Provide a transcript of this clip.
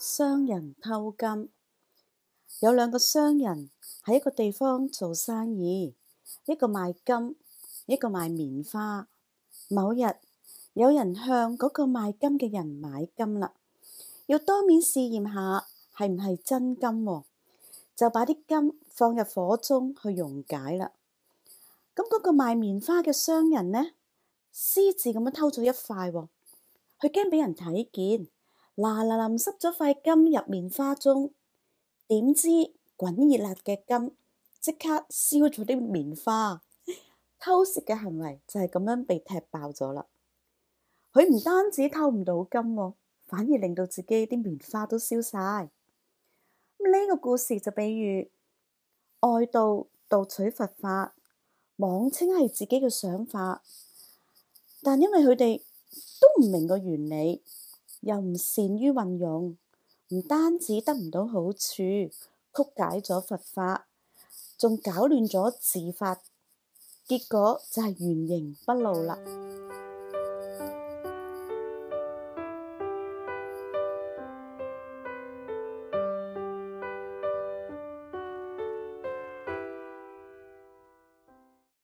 商人偷金，有兩個商人喺一個地方做生意，一個賣金，一個賣棉花。某日有人向嗰個賣金嘅人買金啦，要當面試驗下係唔係真金，哦，就把啲金放入火中去溶解啦。咁嗰個賣棉花嘅商人呢，私自咁樣偷咗一塊，哦，佢驚俾人睇見。嗱嗱淋濕咗塊金入棉花中，點知滾熱辣嘅金即刻燒咗啲棉花。偷食嘅行為就係咁樣被踢爆咗啦！佢唔單止偷唔到金，反而令到自己啲棉花都燒晒。呢、這個故事就比喻愛盜盜取佛法，妄稱係自己嘅想法，但因為佢哋都唔明個原理。又唔善於運用，唔單止得唔到好處，曲解咗佛法，仲搞亂咗自法，結果就係原形畢露啦。